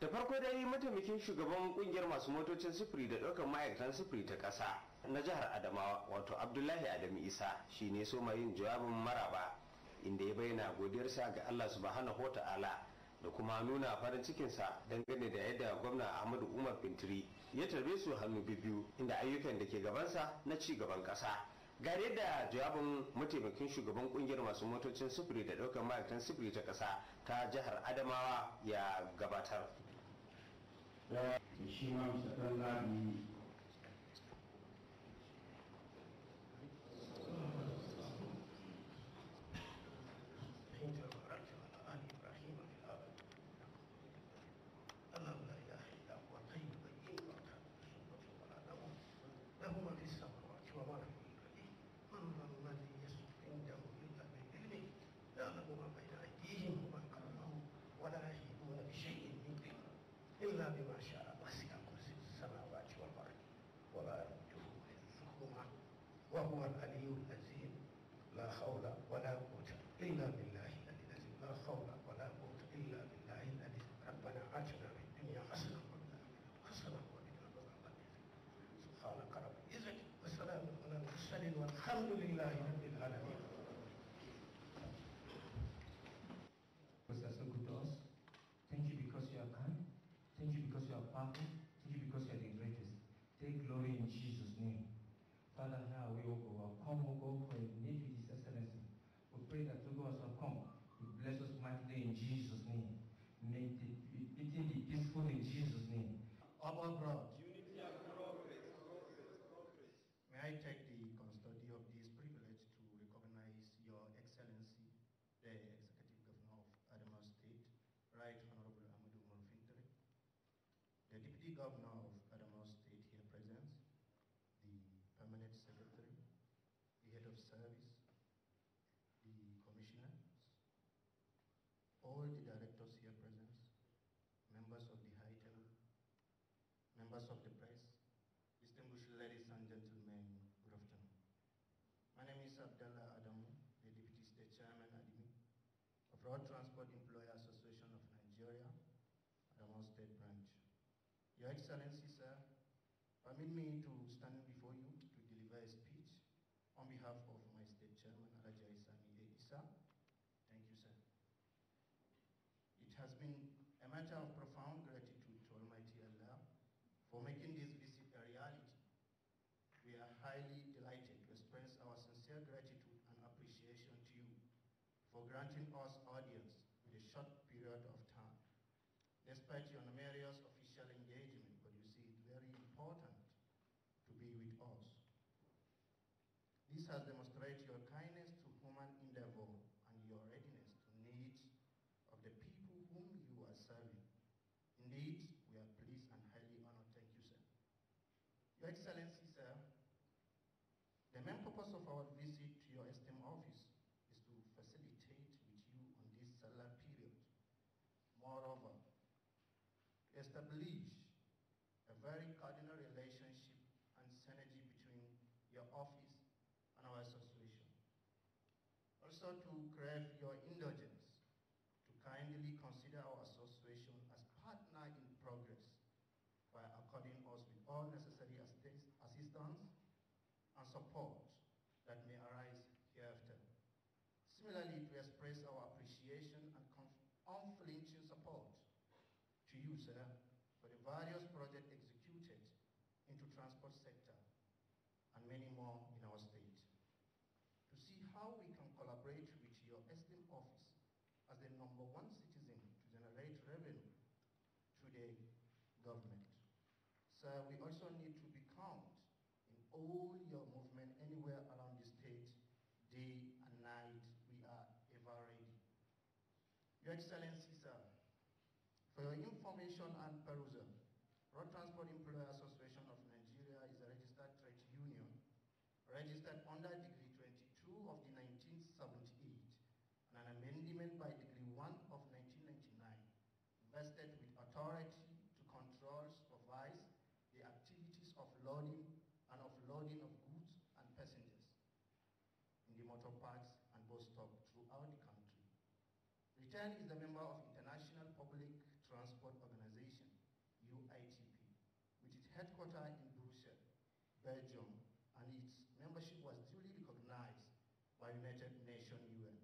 da farko dai mataimakin shugaban kungiyar masu motocin sufuri da ɗaukar ma'aikatan sufuri ta kasa na jihar adamawa wato abdullahi adamu isa shi ne so yin jawabin maraba inda ya bayyana godiyarsa ga allah subhanahu wa ta'ala da kuma nuna farin cikinsa dangane da yadda gwamna ahmadu umar Bintiri ya tarbe su hannu biyu inda ayyukan da ke gabansa na ci gaban ƙasa ga da jawabin mataimakin shugaban kungiyar masu motocin sufuri da ɗaukar ma'aikatan sufuri ta ƙasa ta jihar adamawa ya gabatar da shi ma mr labi আলহামদুলিল্লাহ rabbil alamin was so good to us thank you because you are kind thank you because you are powerful thank you because you are the greatest take glory in Jesus name Father now we will go our come will go for your need with his excellency we pray that to God shall come you bless us mightily in Jesus name May it, it, it be peaceful in Jesus name our God Deputy Governor of Adamo State here present, the Permanent Secretary, the Head of Service, the Commissioners, all the directors here present, members of the High Table, members of the press, distinguished ladies and gentlemen, good afternoon. My name is Abdallah Adamu, the Deputy State Chairman, Adimi, of Road Transport Excellency, sir, permit me to stand before you to deliver a speech on behalf of my state chairman, Alaja Isami Isa. Thank you, sir. It has been a matter of profound gratitude to Almighty Allah for making this visit a reality. We are highly delighted to express our sincere gratitude and appreciation to you for granting us audience with a short period of time. Despite your numerous Excellency, sir, the main purpose of our visit to your esteemed office is to facilitate with you on this solar period. Moreover, establish a very cardinal relationship and synergy between your office and our association. Also to crave your for the various projects executed into transport sector and many more in our state. To see how we can collaborate with your esteemed office as the number one citizen to generate revenue to the government. So we also need to Britain is a member of International Public Transport Organization, UITP, which is headquartered in Brussels, Belgium, and its membership was duly recognized by United Nations UN.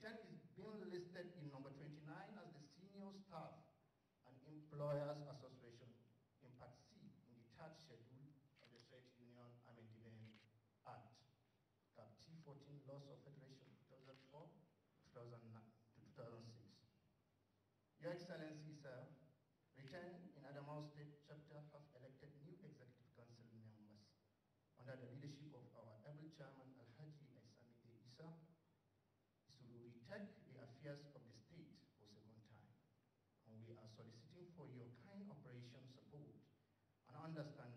Britain is being listed in number 29 as the Senior Staff and Employers Association in Part C in the third schedule of the Trade Union Amendment Act, Cap T14 Laws of Federation 2004-2009. Your Excellency, sir, written in Adamawa State Chapter have elected new Executive Council members under the leadership of our able chairman Alhaji Isami A. Isa to retake the affairs of the state for a second time. And we are soliciting for your kind operation support and understanding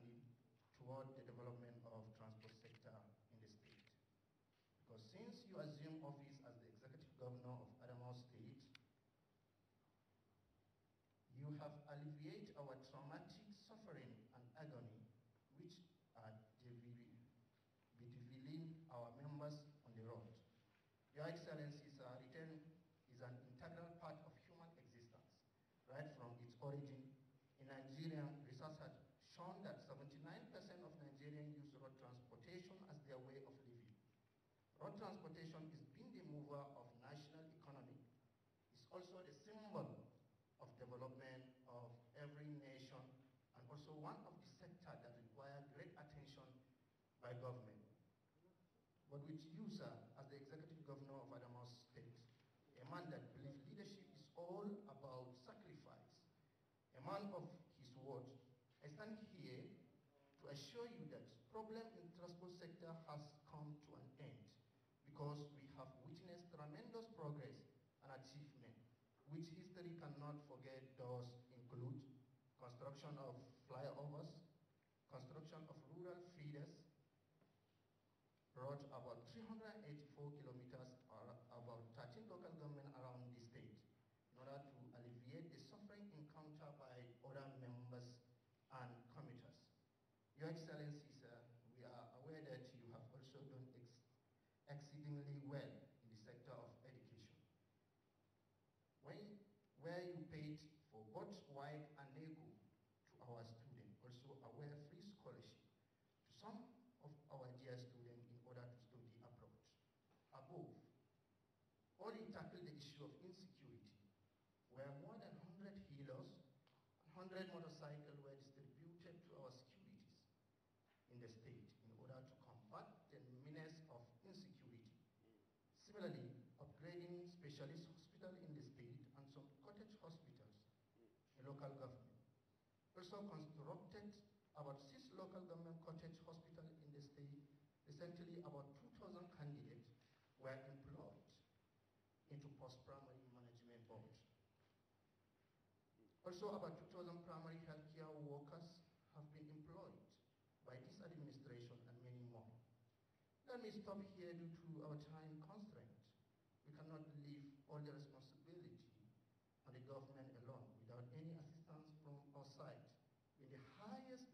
have alleviated our traumatic suffering and agony, which are bedeviling our members on the road. Your Excellency, and of his word. I stand here to assure you that problem in transport sector has come to an end because we have witnessed tremendous progress and achievement which history cannot forget Does. exceedingly well in the sector of education. When, where you paid for both white local government also constructed about six local government cottage hospitals in the state. Recently, about 2,000 candidates were employed into post-primary management boards. Also, about 2,000 primary healthcare workers have been employed by this administration and many more. Let me stop here due to our time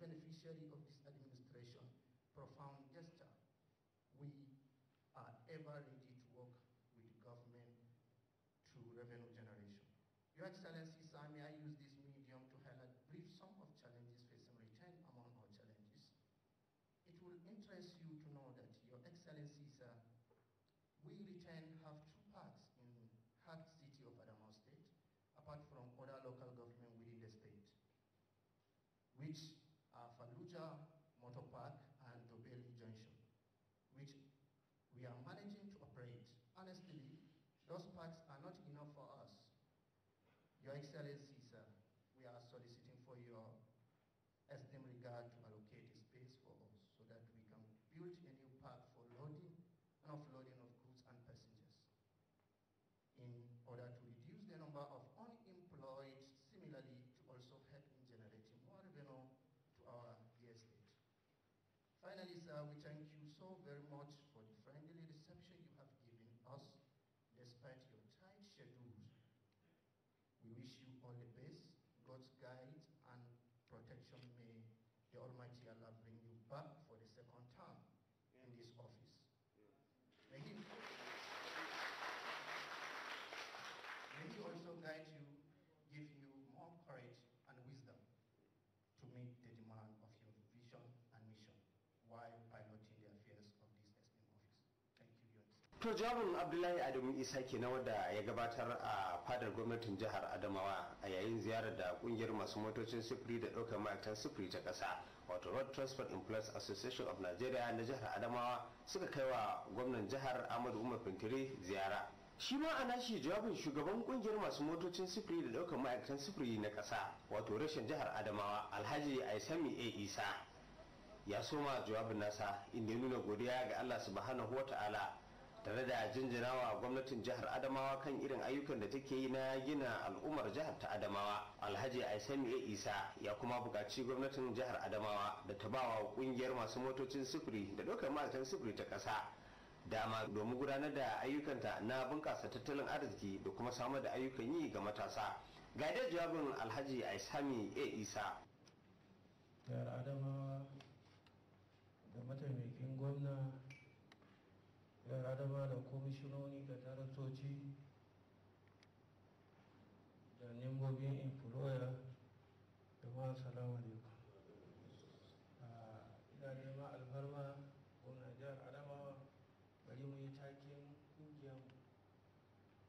beneficiary of this administration, profound gesture. We are ever ready to work with government to revenue generation. Your Excellency, sir, may I use this medium to highlight brief some of challenges facing return among our challenges. It will interest you to know that Your Excellency, sir, we return સો ગરમી to jawabin abdullahi adamu isa kenan wadda ya gabatar a fadar gwamnatin jihar adamawa a yayin ziyarar da kungiyar masu motocin sufuri da ɗaukar ma'aikatan sufuri ta ƙasa wato road transport employees association of nigeria na jihar adamawa suka kai wa gwamnan jihar ahmadu umar fintiri ziyara shi ma a nashi jawabin shugaban kungiyar masu motocin sufuri da ɗaukar ma'aikatan sufuri na ƙasa wato rashin jihar adamawa alhaji aisami a isa ya soma jawabin nasa inda ya nuna godiya ga allah subhanahu wa ta'ala tare da jinjinawa gwamnatin jihar adamawa kan irin ayyukan da take yi na gina al'ummar jihar ta adamawa alhaji aisami ya isa ya kuma buƙaci gwamnatin jihar adamawa da ta bawa ƙungiyar masu motocin sufuri da ɗaukar ma'aikatan sufuri ta ƙasa dama domin gudanar da ayyukanta na bunƙasa tattalin arziki da kuma samar da ayyukan yi ga matasa ga da jawabin alhaji aisami ya isa jihar adamawa da mataimakin gwamna da radama da komishinoni da daraktoci da nembobin employer da ma salamu alaikum ina neman alfarma gwamna jihar adamawa bari mu yi takin kungiyar mu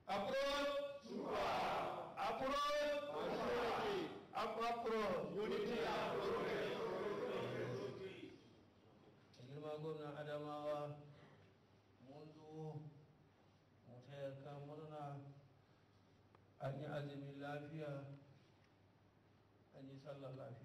approach approach approach unity approach girma gwamnan adamawa أني أزمي الله فيها أني صلى الله فيها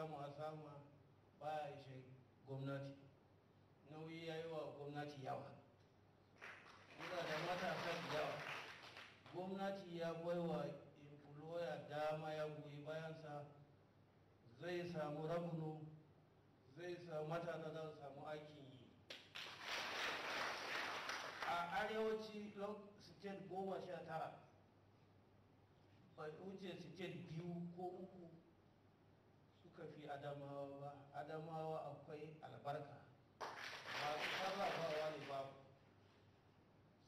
samu a samu baya ishe gwamnati nauyi ya yi wa gwamnati yawa yana da matasa yawa gwamnati ya baiwa employer dama ya goyi bayansa zai samu ramunu zai samu matasa za su samu aikin yi a arewaci state goma sha tara bai wuce state biyu ko uku kafi adamawa ba adamawa akwai albarka masu sarrafawa ne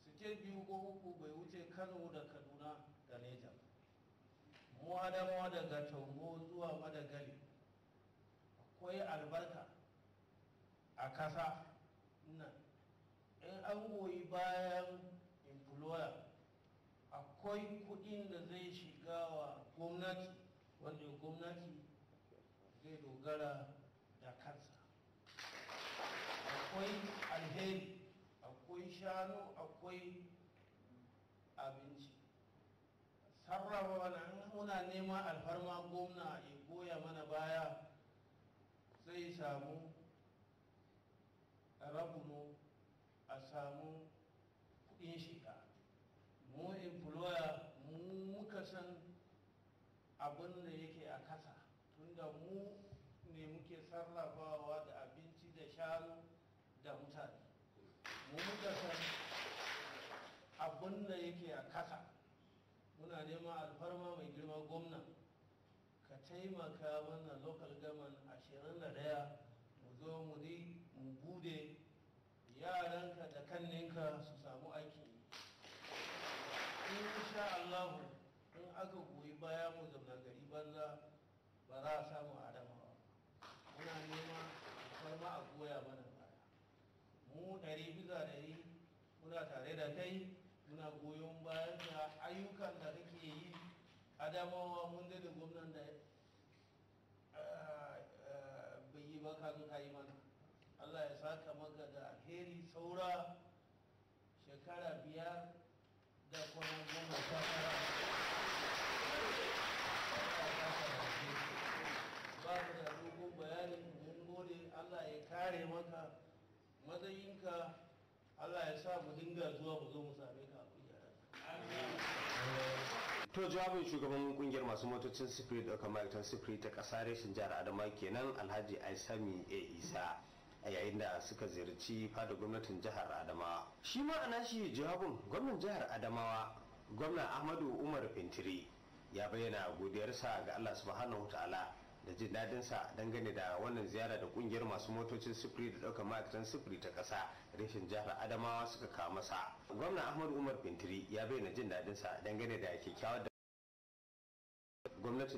suke biyu ko uku bai wuce kano da kaduna da neja mu adamawa daga tango zuwa madagari akwai albarka a kasa nan in an goyi bayan employer akwai kudin da zai shiga wa gwamnati wanda gwamnati dogara da kansa akwai alheri akwai shanu akwai abinci sarrafa nan, muna neman alfarma gwamna ya goya mana baya zai samu rabunu a samu kudin shiga mu employer mu muka san abin da yake a kasa tunda mu sarrafawa da abinci da shanu da mutane mu muka san abin da yake a kasa muna neman alfarma mai girma gwamna ka taimaka mana local gaman ashirin da daya mu zo mu yi mu bude yaranka da kanninka su samu aiki insha Allah in aka goyi baya mu zamna gari banza ba za a samu tare da kai muna goyon bayan da ayyukan da kake yi adamawa mun da gwamnan da bai yi ba kafin a yi mana allah ya saka maka da alheri saura shekara biyar da kwanan goma sha ba mu da dogon bayanin mun gode allah ya kare maka matsayinka Allah ya to jawabin shugaban kungiyar masu motocin sifiri da ma'aikatan sifiri ta ƙasa reshen jihar adama kenan alhaji aisami a isa a yayin da suka ziyarci fada gwamnatin jihar adamawa shi ma ana shi jawabin gwamnan jihar adamawa gwamna ahmadu umar fintiri ya bayyana godiyarsa ga allah subhanahu ta'ala da jin dadin sa dangane da wannan ziyara da kungiyar masu motocin sufuri da daukar ma'aikatan sufuri ta kasa rashin jihar adamawa suka kawo masa gwamna ahmadu umar bintiri ya bayyana jin dadin sa dangane da kyakkyawar da gwamnati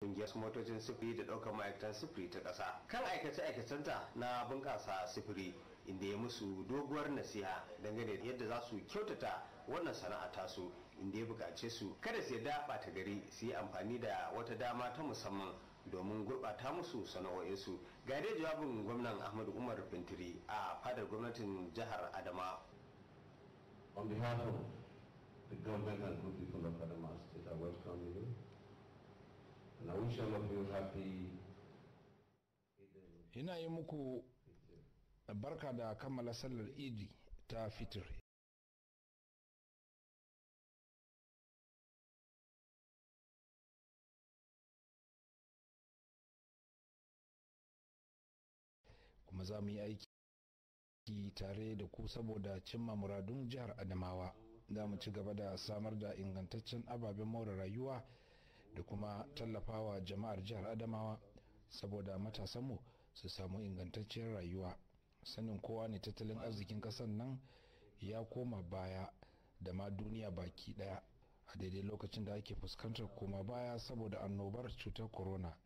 kungiyar motocin sufuri da ɗaukar ma'aikatan sufuri ta kasa kan aikace-aikacenta na bunƙasa sufuri inda ya musu doguwar nasiha dangane da yadda za su kyautata wannan sana'a tasu inda ya buƙace su kada su yarda ɓata gari su yi amfani da wata dama ta musamman domin gurɓata musu sana'o'insu ga dai jawabin gwamnan ahmadu umar bintiri a fadar gwamnatin jihar adama on behalf of the ina yi muku barka da kammala sallar idi ta fitr kuma za mu yi aiki tare da ku saboda cimma muradun jihar adamawa za mu ci gaba da samar da ingantaccen ababen more rayuwa da kuma tallafawa jama'ar jihar adamawa saboda matasanmu su samu ingantacciyar rayuwa sanin kowa ne tattalin arzikin kasan nan ya koma baya da ma duniya baki daya a daidai lokacin da ake fuskantar koma baya saboda annobar cutar corona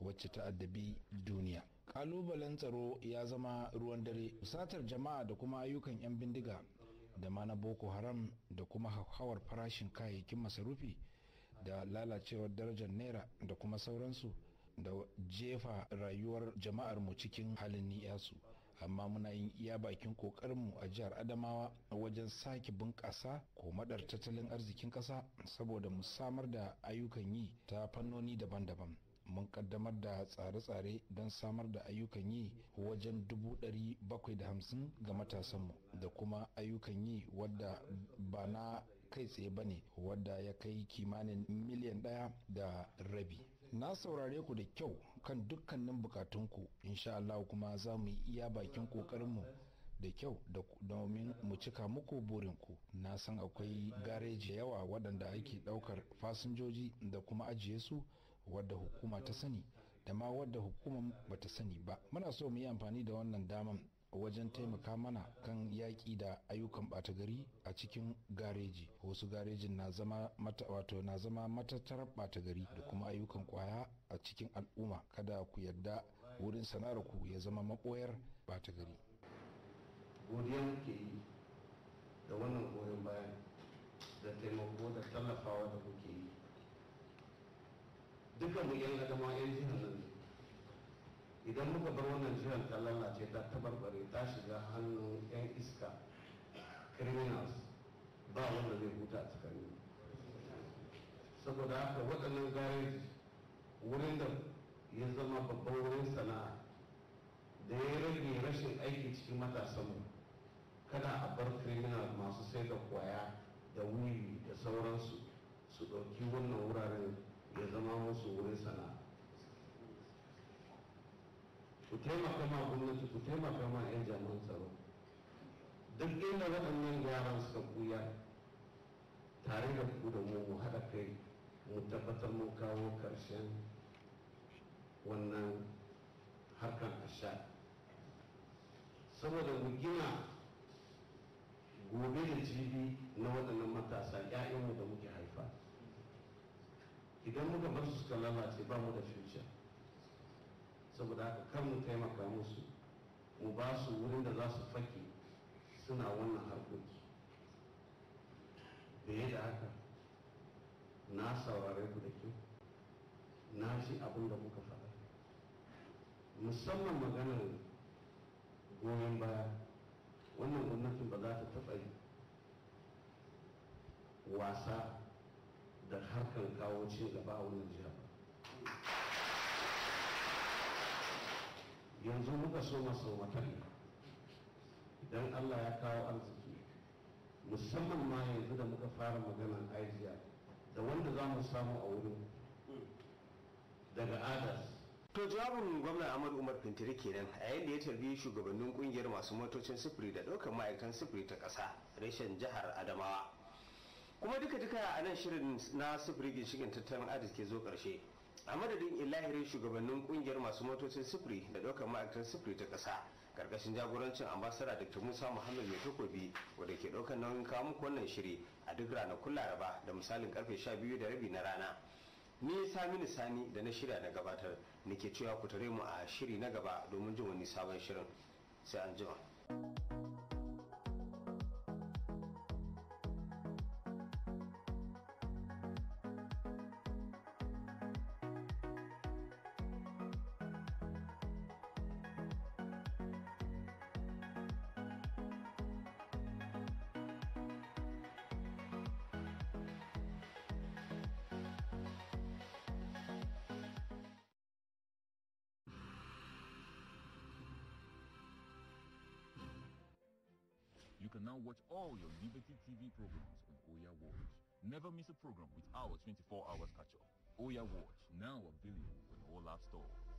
wacce ta addabi duniya kalubalen tsaro ya zama ruwan dare satar jama'a da kuma ayyukan 'yan bindiga da ma na boko haram da kuma hauhawar farashin kayayyakin masarufi da lalacewar darajar naira da kuma sauransu da jefa rayuwar jama'ar mu cikin halin ni'yasu amma muna yin iya bakin kokarinmu a jihar adamawa wajen sake bunƙasa ko madar tattalin arzikin ƙasa saboda mu samar da ayyukan yi ta fannoni daban-daban mun kaddamar da tsare-tsare don samar da ayyukan yi wajen dubu ɗari bakwai da hamsin ga matasanmu da kuma ayyukan yi wadda ba na kai tsaye ba ne wadda ya kai kimanin miliyan ɗaya da rabi na saurare ku da kyau kan dukkanin bukatunku insha Allah kuma za mu yi iya bakin ƙoƙarinmu da kyau domin mu cika muku burinku na san akwai gareji yawa waɗanda ake ɗaukar fasinjoji da kuma ajiye su wadda hukuma ta sani da ma wadda hukuma ta sani ba muna so mu yi amfani da wannan daman wajen taimaka mana kan yaƙi da ayyukan ɓata gari a cikin gareji wasu garejin na zama mata wato na zama matattar ɓata gari da kuma ayyukan ƙwaya a cikin al'umma kada ku yarda wurin sana'ar ku ya zama maɓoyar ɓata gari godiya ke yi da wannan goyon bayan da taimako da tallafawa da kuke yi dukkan mu yan adama yan jihar nan idan muka bar wannan jihar ta lalace ta tabarbare ta shiga hannun yan iska criminals ba wanda zai huta a tsakani saboda haka waɗannan gareji wurin da ya zama babban wurin sana'a da ya rage rashin aiki cikin matasanmu kada a bar criminal masu sai da kwaya da wuri da sauransu su ɗauki wannan wuraren ya zama musu wurin sana'a ku taimaka ma gwamnati ku taimaka ma 'yan jami'an tsaro duk inda waɗannan yaran suka buya tare da ku da mu mu haɗa kai mu tabbatar mun kawo ƙarshen wannan harkar sha. saboda mu gina gobe da jibi na waɗannan matasa 'ya'yanmu da muke idan muka bar su suka lalace ba mu da future saboda haka kan mu taimaka musu mu ba su wurin da za su fake suna wannan harkoki ya da haka na saurare ku da kyau na shi abin da kuka faɗa musamman maganar goyon baya wannan gwamnatin ba za ta taɓa yi wasa da harkar kawo ci gaba a wannan jiha yanzu muka so masu matan idan allah ya kawo arziki musamman ma yanzu da muka fara maganar aijiya da wanda za mu samu a wurin daga adas to jawabin gwamna Amadu umar fintiri kenan a yayin da ya tarbi shugabannin kungiyar masu motocin sufuri da ɗaukar ma'aikatan sufuri ta ƙasa rashin jihar adamawa kuma duka duka a nan shirin na sufuri ginshikin tattalin arziki zo karshe a madadin ilahirin shugabannin kungiyar masu motocin sufuri da daukar ma'aikatar sufuri ta kasa karkashin jagorancin ambasada dr musa muhammad mai takobi wadda ke daukar nauyin kawo muku wannan shiri a duk ranakun laraba da misalin karfe sha biyu da rabi na rana ni saminu sani da na shirya na gabatar nake cewa ku tare mu a shiri na gaba domin jin wani sabon shirin sai anjima. You can now watch all your Liberty TV programs on Oya Watch. Never miss a program with our 24 hours catch-up. Oya Watch, now available on all app stores.